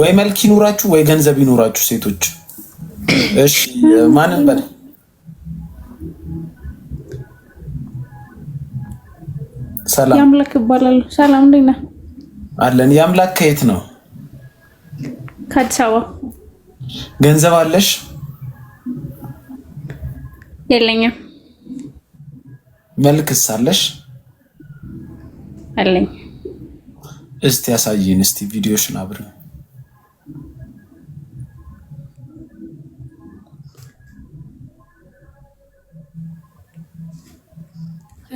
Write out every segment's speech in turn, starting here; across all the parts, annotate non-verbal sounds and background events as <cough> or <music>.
ወይ መልክ ይኑራችሁ ወይ ገንዘብ ይኑራችሁ ሴቶች። እሺ ማንን በል ሰላም የአምላክ ይባላሉ። ሰላም እንዴት ነህ? አለን። የአምላክ ከየት ነው? ከአዲስ አበባ። ገንዘብ አለሽ? የለኝም። መልክስ አለሽ? አለኝ። እስቲ ያሳይን። እስቲ ቪዲዮሽን አብረን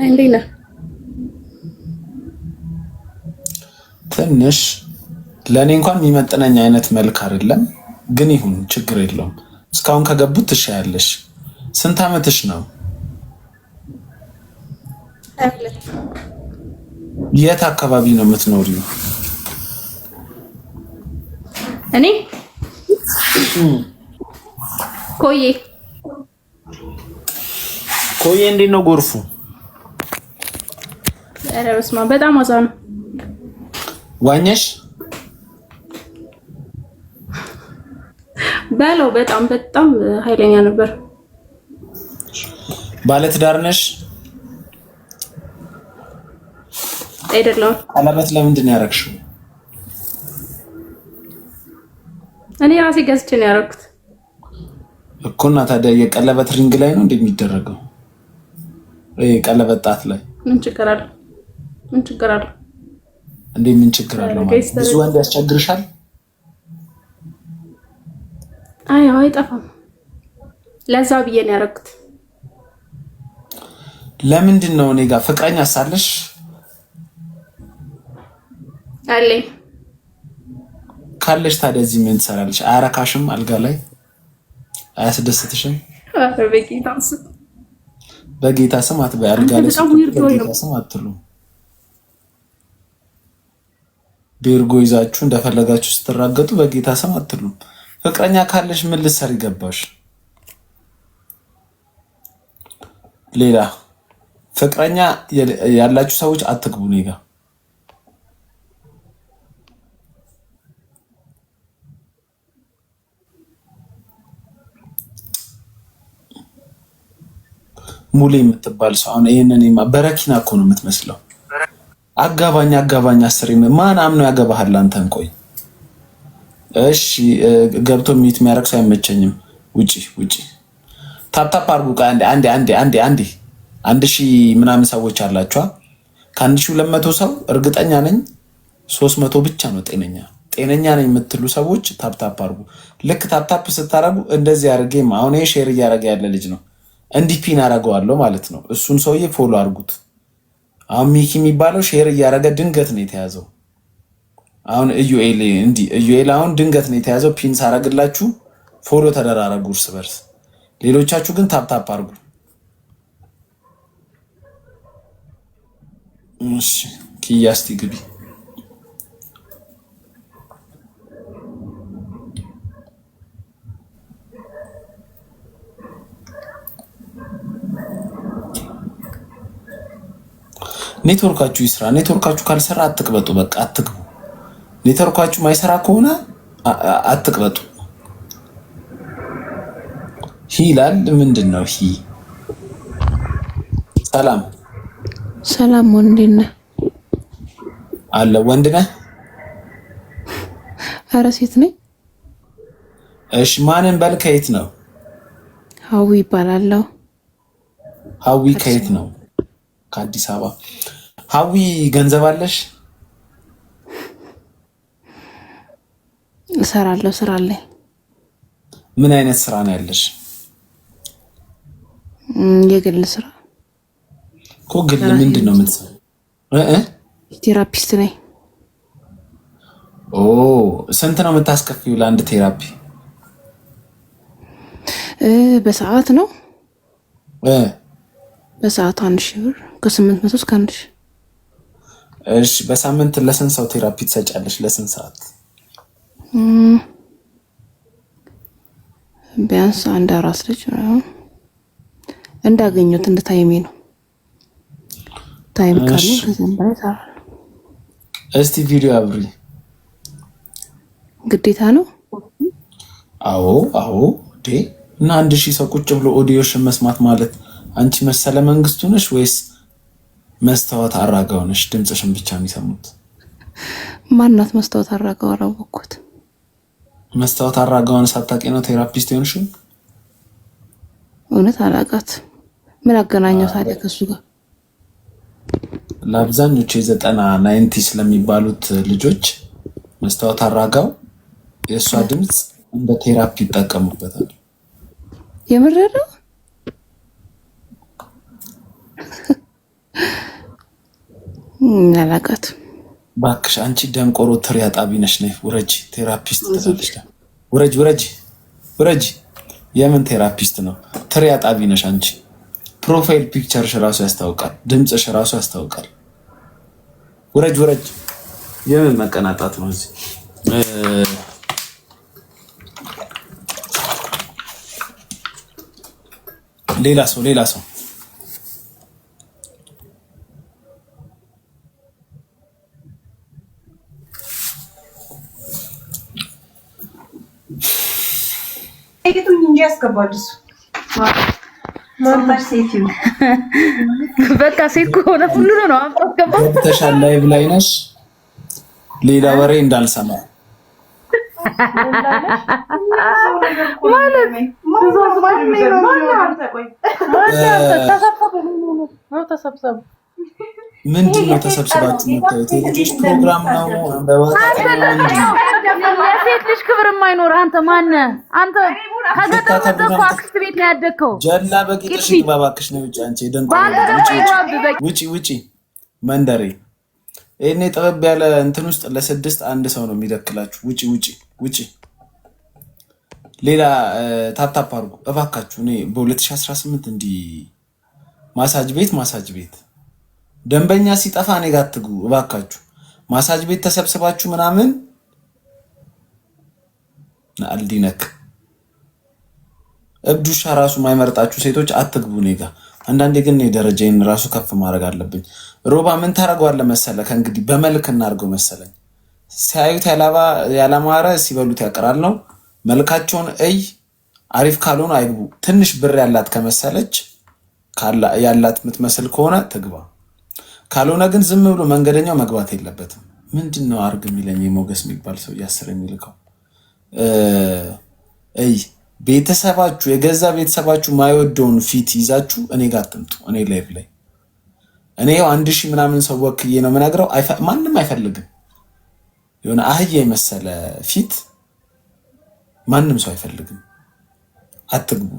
እንዴት ነህ? ትንሽ ለእኔ እንኳን የሚመጥነኝ አይነት መልክ አይደለም፣ ግን ይሁን ችግር የለውም። እስካሁን ከገቡት ትሻያለሽ። ስንት ዓመትሽ ነው? የት አካባቢ ነው የምትኖሪው? እኔ ኮዬ። ኮዬ እንዴት ነው ጎርፉ? ኧረ በስመ አብ በጣም ዋዛ ነው። ዋኘሽ በለው። በጣም በጣም ኃይለኛ ነበር። ባለትዳር ነሽ? አይደለም? ቀለበት ለምንድን ነው ያደረግሽው? እኔ ራሴ ገዝቼ ነው ያደረኩት እኮ እና ታዲያ የቀለበት ሪንግ ላይ ነው እንደሚደረገው ቀለበት ጣት ላይ ምን ችግር አለው? ምን ችግር አለው እንዴ? ምን ችግር አለው ማለት ብዙ ወንድ ያስቸግርሻል? አይ አይጠፋም። ለዛ ብዬ ነው ያደረኩት። ለምንድን ነው እኔ ጋር ፍቅረኛ ሳለሽ አለኝ ካለሽ ታዲያ እዚህ ምን ትሰራለች አያረካሽም? አልጋ ላይ አያስደስትሽም? በጌታ ስም በጌታ ስም አትበይ። አልጋ ላይ ስም አትሉ ቤርጎ ይዛችሁ እንደፈለጋችሁ ስትራገጡ በጌታ ስም አትሉም። ፍቅረኛ ካለሽ ምን ልትሰሪ ገባሽ? ሌላ ፍቅረኛ ያላችሁ ሰዎች አትግቡ እኔ ጋ ሙሌ የምትባል ሰው አሁን ይህንን በረኪና እኮ ነው የምትመስለው። አጋባኝ አጋባኝ አስሬ ማን አምኖ ያገባሃል አንተን? ቆይ እሺ፣ ገብቶ ሚት የሚያደርግ ሰው አይመቸኝም። ውጪ ውጪ፣ ታፕታፕ አድርጉ። አንዴ አንዴ አንዴ አንዴ አንዴ አንድ ሺህ ምናምን ሰዎች አላችኋ። ከአንድ ሺህ ሁለት መቶ ሰው እርግጠኛ ነኝ ሶስት መቶ ብቻ ነው ጤነኛ ጤነኛ ነኝ የምትሉ ሰዎች ታፕታፕ አድርጉ። ልክ ታፕታፕ ስታደርጉ እንደዚህ አድርጌ አሁን ሼር እያደረገ ያለ ልጅ ነው እንዲህ ፒን አደርገዋለሁ ማለት ነው። እሱን ሰውዬ ፎሎ አድርጉት። አሁን ሚኪ የሚባለው ሼር እያደረገ ድንገት ነው የተያዘው። አሁን እዩኤል እንዲህ እዩኤል አሁን ድንገት ነው የተያዘው። ፒን ሳረግላችሁ ፎሎ ተደራረጉ እርስ በርስ። ሌሎቻችሁ ግን ታፕታፕ አድርጉ። ኪያስቲ ግቢ ኔትወርካችሁ ይስራ። ኔትወርካችሁ ካልሰራ አትቅበጡ፣ በቃ አትግቡ። ኔትወርካችሁ ማይሰራ ከሆነ አትቅበጡ። ሂ ይላል። ምንድን ነው ሂ? ሰላም ሰላም፣ ወንድም ነህ አለ። ወንድ ነህ? ኧረ ሴት ነኝ። እሽ፣ ማንን በል። ከየት ነው? ሀዊ ይባላለሁ። ሀዊ ከየት ነው? ከአዲስ አበባ ሀዊ ገንዘብ አለሽ? እሰራለሁ። ስራ አለኝ። ምን አይነት ስራ ነው ያለሽ? የግል ስራ እኮ። ግል ምንድን ነው የምትሰራው? ቴራፒስት ነኝ። ኦ ስንት ነው የምታስከፊው ለአንድ ቴራፒ? በሰዓት ነው። በሰዓት አንድ ሺህ ብር ከስምንት መቶ እስከ አንድ ሺህ እሺ በሳምንት ለስንት ሰው ቴራፒ ትሰጫለሽ? ለስንት ሰዓት? ቢያንስ አንድ አራስ ልጅ ነው እንዳገኘሁት እንደ ታይሜ ነው። ታይም ካለ እስቲ ቪዲዮ አብሪ። ግዴታ ነው? አዎ አዎ። እና አንድ ሺህ ሰው ቁጭ ብሎ ኦዲዮሽን መስማት ማለት አንቺ መሰለ መንግስቱ ነሽ ወይስ መስታወት አራጋው አራጋውነሽ ድምፅሽን ብቻ የሚሰሙት ማናት? መስታወት አራጋው አላወቅኩት። መስታወት አራጋውን ሳታቂ ነው ቴራፒስት ሆንሽ? እውነት አላቃት። ምን አገናኘው ታዲያ ከሱ ጋር? ለአብዛኞቹ የዘጠና ናይንቲ ስለሚባሉት ልጆች መስታወት አራጋው የእሷ ድምፅ እንደ ቴራፒ ይጠቀሙበታል። የምር ነው አላውቃት እባክሽ። አንቺ ደንቆሮ ትሪ አጣቢ ነሽ። ነይ ውረጅ። ቴራፒስት ትላለች። ውረጅ፣ ውረጅ፣ ውረጅ። የምን ቴራፒስት ነው? ትሪ አጣቢ ነሽ አንቺ። ፕሮፋይል ፒክቸርሽ ራሱ ያስታውቃል። ድምፅሽ ራሱ ያስታውቃል። ውረጅ፣ ውረጅ። የምን መቀናጣት ነው እዚህ ሌላ ሰው ሌላ ሰው አስገባለሁ። በቃ ሴት ከሆነ ሁሉ ነው አስገባው። ተሻል ላይቭ ላይ ነሽ፣ ሌላ ወሬ እንዳልሰማ ማለት ምንድን ነው ተሰብስባችሁ የምታዩት? የልጆች ፕሮግራም ነው። የሴት ልጅ ክብር የማይኖር አንተ ማነ? አንተ? ከገጠር መጥተህ እኮ አክስት ቤት ነው ያደግከው። ጀላ በቂጥሽ ግባ እባክሽ ነው ውጭ። አንቺ ውጭ ውጭ፣ መንደሬ ይህኔ ጥበብ ያለ እንትን ውስጥ ለስድስት አንድ ሰው ነው የሚደክላችሁ። ውጪ ውጪ ውጪ። ሌላ ታፕታፕ አድርጉ እባካችሁ። እኔ በ2018 እንዲህ ማሳጅ ቤት ማሳጅ ቤት ደንበኛ ሲጠፋ እኔ ጋ አትግቡ እባካችሁ። ማሳጅ ቤት ተሰብስባችሁ ምናምን አልዲነክ እብዱሻ ራሱ የማይመርጣችሁ ሴቶች አትግቡ እኔ ጋ። አንዳንዴ ግን እኔ ደረጃዬን ራሱ ከፍ ማድረግ አለብኝ። ሮባ ምን ታደርገዋለህ መሰለ ከእንግዲህ በመልክ እናድርገው መሰለኝ። ሲያዩት ያላማረ ሲበሉት ያቀራል ነው። መልካቸውን እይ። አሪፍ ካልሆኑ አይግቡ። ትንሽ ብር ያላት ከመሰለች ያላት የምትመስል ከሆነ ትግባ። ካልሆነ ግን ዝም ብሎ መንገደኛው መግባት የለበትም። ምንድን ነው አርግ የሚለኝ ሞገስ የሚባል ሰው እያስር የሚልከው እይ ቤተሰባችሁ የገዛ ቤተሰባችሁ ማይወደውን ፊት ይዛችሁ እኔ ጋር አትምጡ። እኔ ላይቭ ላይ እኔ ያው አንድ ሺህ ምናምን ሰው ወክዬ ነው የምነግረው። ማንም አይፈልግም። የሆነ አህያ የመሰለ ፊት ማንም ሰው አይፈልግም። አትግቡ።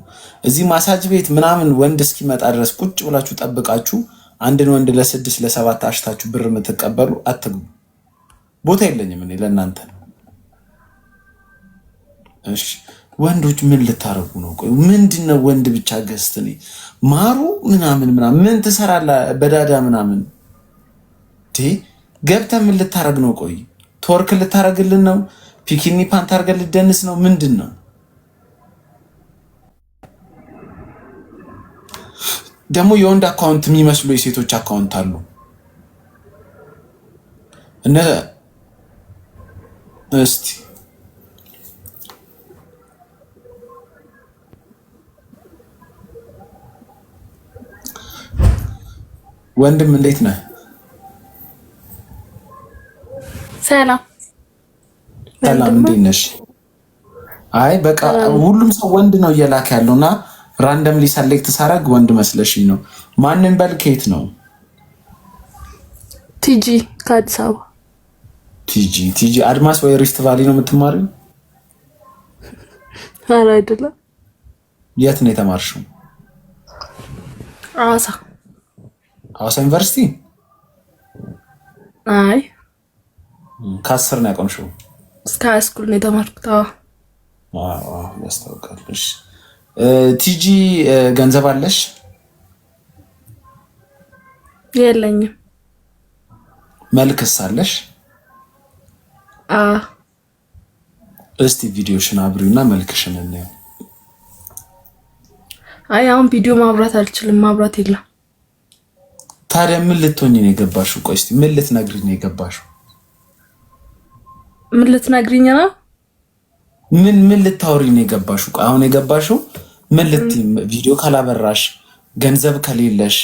እዚህ ማሳጅ ቤት ምናምን ወንድ እስኪመጣ ድረስ ቁጭ ብላችሁ ጠብቃችሁ አንድን ወንድ ለስድስት ለሰባት አሽታችሁ ብር የምትቀበሉ አትግቡ። ቦታ የለኝም እኔ ለእናንተ። እሺ ወንዶች ምን ልታረጉ ነው? ቆይ ምንድነው ወንድ ብቻ ገስት እኔ ማሩ ምናምን ምናምን ምን ትሰራላ? በዳዳ ምናምን ገብተ ምን ልታረግ ነው? ቆይ ቶርክ ልታረግልን ነው? ፒኪኒ ፓንት አርገን ልደንስ ነው? ምንድን ነው? ደግሞ የወንድ አካውንት የሚመስሉ የሴቶች አካውንት አሉ። እነ እስቲ ወንድም እንዴት ነህ? ሰላም ሰላም፣ እንዴት ነሽ? አይ በቃ ሁሉም ሰው ወንድ ነው እየላክ ያለውና ራንደም ሊሰሌክት ሳረግ ወንድ መስለሽኝ ነው። ማንን በል ኬት ነው? ቲጂ ከአዲስ አበባ። ቲጂ ቲጂ አድማስ ወይ ሪስት ቫሊ ነው የምትማሪው? ኧረ <laughs> አይደለም። የት ነው የተማርሽው? አዋሳ። አዋሳ ዩኒቨርሲቲ። አይ ከአስር ነው ያቆምሽው? እስከ ሃይ ስኩል ነው የተማርኩት። አዎ ያስታውቃል። ቲጂ ገንዘብ አለሽ? የለኝም። መልክስ አለሽ? እስቲ ቪዲዮሽን አብሪውና መልክሽን እናየው። አይ አሁን ቪዲዮ ማብራት አልችልም፣ ማብራት የለም። ታዲያ ምን ልትሆኝ ነው የገባሽው? ቆይ እስቲ ምን ልትነግሪኝ ነው የገባሽው? ምን ልትነግሪኝ ነው? ምን ምን ልታወሪኝ ነው የገባሽው? አሁን የገባሽው ምን ልት ቪዲዮ ካላበራሽ ገንዘብ ከሌለሽ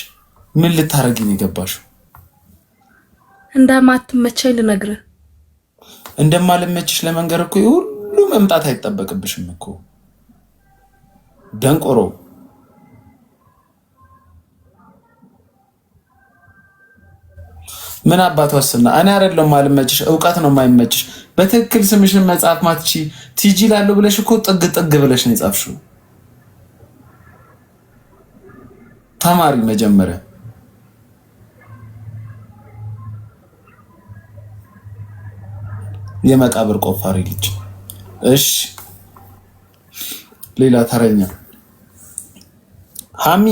ምን ልታረጊ ነው የገባሽው? እንደማትመቸኝ ልነግርህ። እንደማልመችሽ ለመንገር እኮ ሁሉ መምጣት አይጠበቅብሽም እኮ ደንቆሮ። ምን አባት ወስና እኔ አይደለም ማልመችሽ፣ እውቀት ነው ማይመችሽ። በትክክል ስምሽን መጽሐፍ ማትቺ ቲጂ ላለው ብለሽ እኮ ጥግ ጥግ ብለሽ ነው የጻፍሽው። ተማሪ መጀመሪያ የመቃብር ቆፋሪ ልጅ። እሺ ሌላ ተረኛ ሀሚ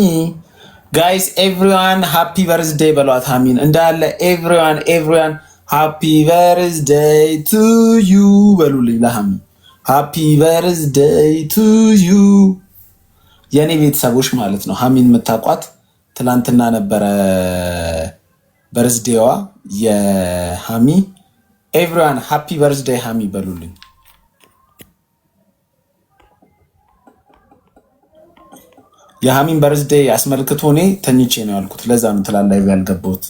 ጋይስ ኤቭሪዋን ሃፒ በርዝዴይ በሏት። ሀሚን እንዳለ ኤቭሪዋን ኤቭሪዋን ሃፒ በርዝዴይ ቱ ዩ በሉልኝ። ለሀሚ ሃፒ በርዝዴይ ቱ ዩ የእኔ ቤተሰቦች ማለት ነው። ሀሚን የምታውቋት ትላንትና ነበረ በርዝዴዋ የሀሚ ኤቭሪዋን ሃፒ በርዝዴይ ሀሚ በሉልኝ። የሀሚን በርዝዴይ አስመልክቶ እኔ ተኝቼ ነው ያልኩት። ለዛ ነው ትላል ላይ ያልገባሁት።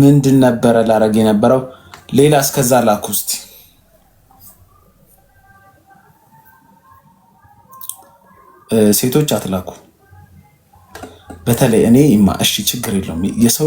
ምንድን ነበረ ላረግ የነበረው ሌላ እስከዛ ላኩ ሴቶች አትላኩ። በተለይ እኔ እማ እሺ ችግር የለውም የሰው